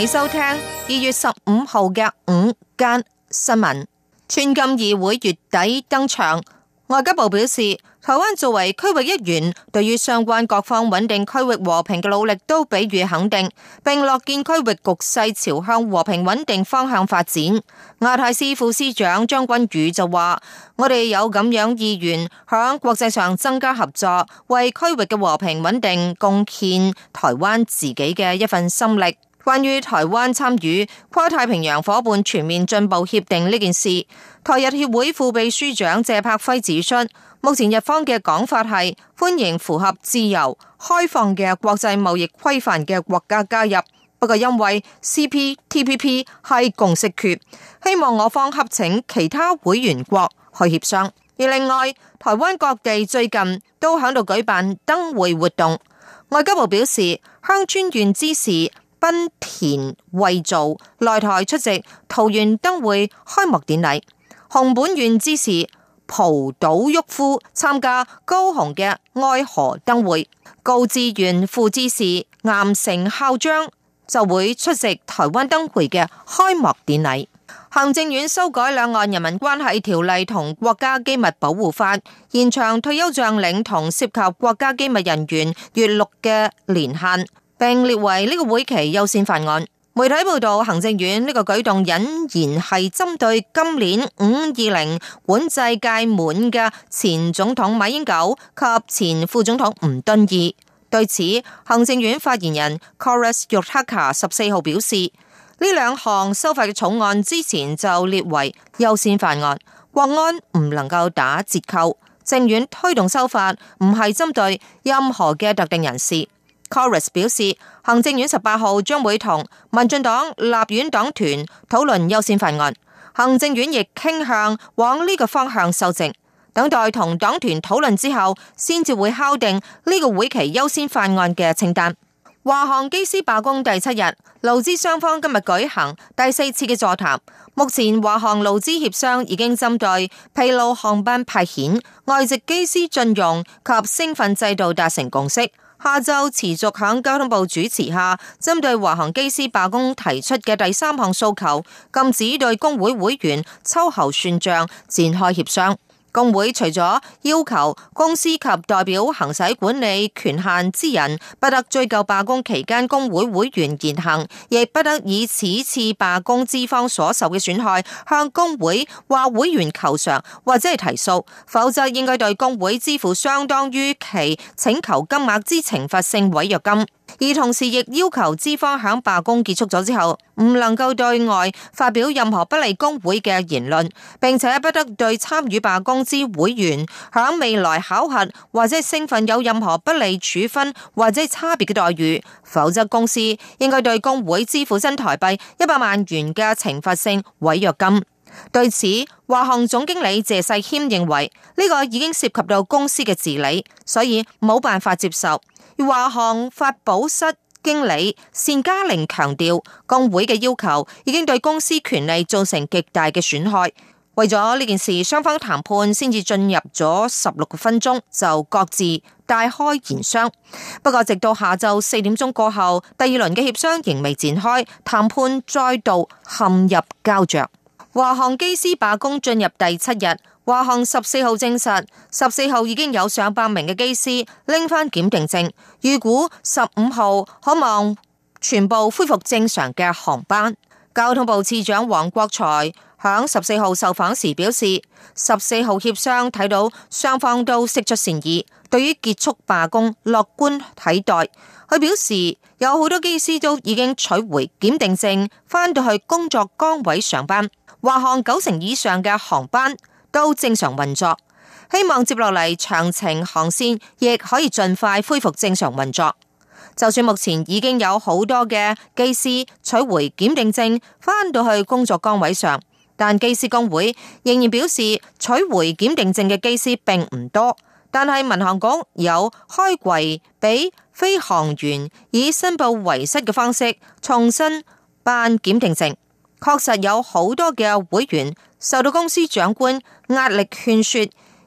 你收聽二月十五號嘅午間新聞。川金二會月底登場。外交部表示，台灣作為區域一員，對於相關各方穩定區域和平嘅努力都給予肯定，並樂見區域局勢朝向和平穩定方向發展。亞太司副司長張君宇就話：我哋有咁樣意願，響國際上增加合作，為區域嘅和平穩定貢獻台灣自己嘅一份心力。關於台灣參與跨太平洋夥伴全面進步協定呢件事，台日協會副秘書長謝柏輝指出，目前日方嘅講法係歡迎符合自由開放嘅國際貿易規範嘅國家加入，不過因為 CPTPP 係共識決，希望我方合請其他會員國去協商。而另外，台灣各地最近都喺度舉辦燈會活動，外交部表示，鄉村縣之時。濱田惠造來台出席桃園燈會開幕典禮，熊本縣知事蒲島郁夫參加高雄嘅愛河燈會，高知縣副知事岩城孝章就會出席台灣燈會嘅開幕典禮。行政院修改兩岸人民關係條例同國家機密保護法，延長退休將領同涉及國家機密人員赴陸嘅年限。並列為呢個會期優先法案。媒體報道，行政院呢個舉動隱然係針對今年五二零管制屆滿嘅前總統馬英九及前副總統吳敦義。對此，行政院發言人 Kolas Yotaka 十四號表示：呢兩項修法嘅草案之前就列為優先法案，國安唔能夠打折扣。政院推動修法，唔係針對任何嘅特定人士。Corus 表示，行政院十八號將會同民進黨立院黨團討論優先法案，行政院亦傾向往呢個方向修正，等待同黨團討論之後，先至會敲定呢個會期優先法案嘅清單。華航機師罷工第七日，勞資雙方今日舉行第四次嘅座談，目前華航勞資協商已經針對疲勞航班派遣、外籍機師進用及升訓制度達成共識。下週持續響交通部主持下，針對華航機師罷工提出嘅第三項訴求，禁止對工會會員秋後算賬，展開協商。工會除咗要求公司及代表行使管理權限之人，不得追究罷工期間工會會員言行，亦不得以此次罷工資方所受嘅損害向工會或會員求償或者係提訴，否則應該對工會支付相當於其請求金額之懲罰性違約金。而同時亦要求資方響罷工結束咗之後，唔能夠對外發表任何不利工會嘅言論，並且不得對參與罷工之會員響未來考核或者升份有任何不利處分或者差別嘅待遇，否則公司應該對工會支付新台幣一百萬元嘅懲罰性違約金。對此，華航總經理謝世謙認為，呢、這個已經涉及到公司嘅治理，所以冇辦法接受。華航法保室經理單嘉玲強調，工會嘅要求已經對公司權利造成極大嘅損害。為咗呢件事，雙方談判先至進入咗十六個分鐘，就各自大開言商。不過，直到下晝四點鐘過後，第二輪嘅協商仍未展開，談判再度陷入膠着。華航機師罷工進入第七日。華航十四號證實，十四號已經有上百名嘅機師拎返檢定證，預估十五號可望全部恢復正常嘅航班。交通部次長王國材響十四號受訪時表示，十四號協商睇到雙方都釋出善意，對於結束罷工樂觀睇待。佢表示有好多機師都已經取回檢定證，返到去工作崗位上班。華航九成以上嘅航班。都正常運作，希望接落嚟長程航線亦可以盡快恢復正常運作。就算目前已經有好多嘅機師取回檢定證，返到去工作崗位上，但機師工會仍然表示取回檢定證嘅機師並唔多。但係民航局有開櫃俾飛行員以申報遺失嘅方式重新辦檢定證，確實有好多嘅會員。受到公司長官壓力勸說，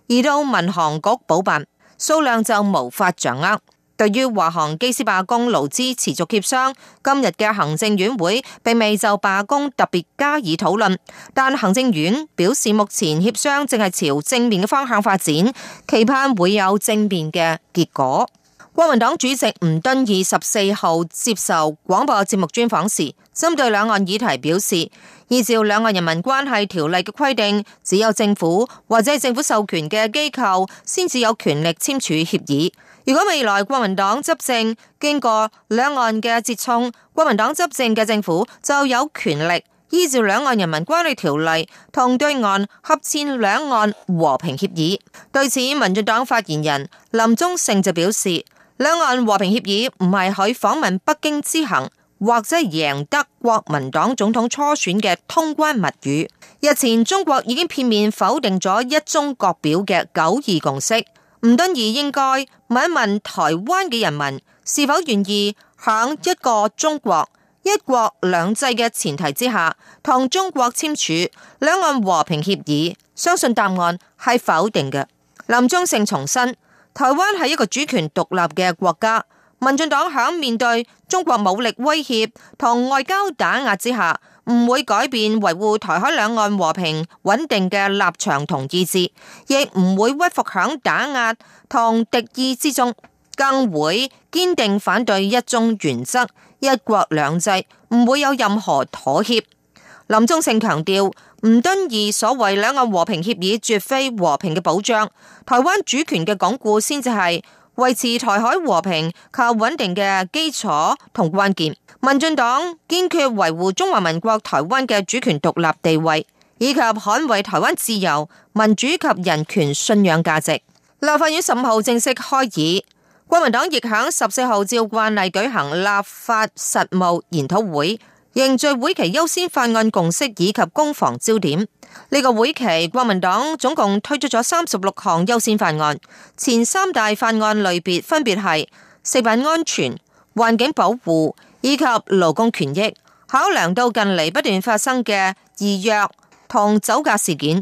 而到民航局補辦，數量就無法掌握。對於華航機師罷工勞資持續協商，今日嘅行政院會並未就罷工特別加以討論，但行政院表示目前協商正係朝正面嘅方向發展，期盼會有正面嘅結果。國民黨主席吳敦義十四號接受廣播節目專訪時，針對兩岸議題表示，依照兩岸人民關係條例嘅規定，只有政府或者政府授權嘅機構，先至有權力簽署協議。如果未來國民黨執政經過兩岸嘅接衝，國民黨執政嘅政府就有權力依照兩岸人民關係條例同對岸合簽兩岸和平協議。對此，民進黨發言人林宗盛就表示。兩岸和平協議唔係喺訪問北京之行或者贏得國民黨總統初選嘅通關密語。日前中國已經片面否定咗一中各表嘅九二共識。吳敦義應該問一問台灣嘅人民是否願意喺一個中國、一國兩制嘅前提之下同中國簽署兩岸和平協議。相信答案係否定嘅。林宗盛重申。台灣係一個主權獨立嘅國家，民進黨響面對中國武力威脅同外交打壓之下，唔會改變維護台海兩岸和平穩定嘅立場同意志，亦唔會屈服響打壓同敵意之中，更會堅定反對一中原則、一國兩制，唔會有任何妥協。林宗盛強調，吳敦義所謂兩岸和平協議絕非和平嘅保障，台灣主權嘅鞏固先至係維持台海和平及穩定嘅基礎同關鍵。民進黨堅決維護中華民國台灣嘅主權獨立地位，以及捍衛台灣自由、民主及人權信仰價值。立法院十五號正式開議，國民黨亦響十四號照慣例舉行立法實務研討會。凝聚會期優先法案共識以及攻防焦點。呢、這個會期，國民黨總共推出咗三十六項優先法案。前三大法案類別分別係食品安全、環境保護以及勞工權益。考量到近嚟不斷發生嘅疑約同酒駕事件，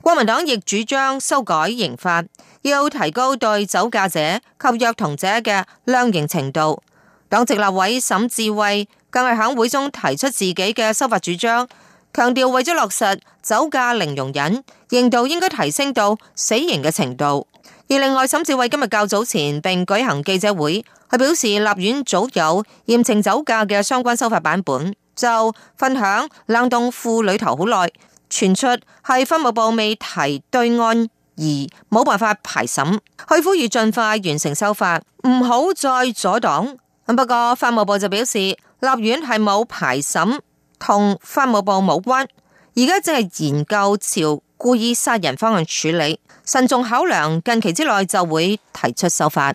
國民黨亦主張修改刑法，要提高對酒駕者及約同者嘅量刑程度。黨籍立委沈智慧，更係喺會中提出自己嘅修法主張，強調為咗落實酒駕零容忍，刑度應該提升到死刑嘅程度。而另外，沈志偉今日較早前並舉行記者會，佢表示立院早有嚴懲酒駕嘅相關修法版本，就分享冷凍庫裏頭好耐，傳出係法務部未提對案而冇辦法排審，佢呼籲盡快完成修法，唔好再阻擋。不過，法務部就表示，立院係冇排審，同法務部冇關。而家淨係研究朝故意殺人方向處理，慎重考量，近期之內就會提出修法。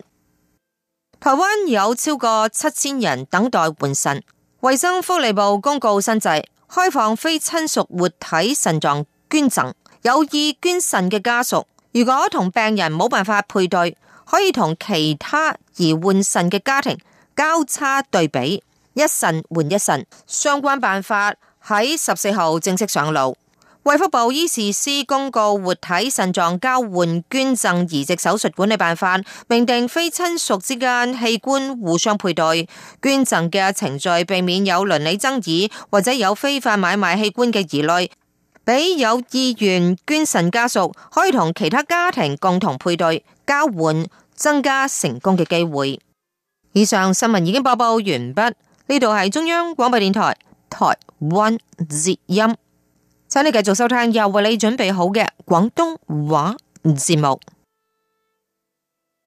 台灣有超過七千人等待換腎，衛生福利部公告新制，開放非親屬活體腎臟捐贈。有意捐腎嘅家屬，如果同病人冇辦法配對，可以同其他而換腎嘅家庭。交叉對比，一腎換一腎相關辦法喺十四號正式上路。衛福部醫事司公告《活體腎臟交換捐贈移植手術管理辦法》，明定非親屬之間器官互相配對捐贈嘅程序，避免有倫理爭議或者有非法買賣器官嘅疑慮。俾有意願捐腎家屬可以同其他家庭共同配對交換，增加成功嘅機會。以上新聞已經播報完畢，呢度係中央廣播電台台灣之音，請你繼續收聽又為你準備好嘅廣東話節目。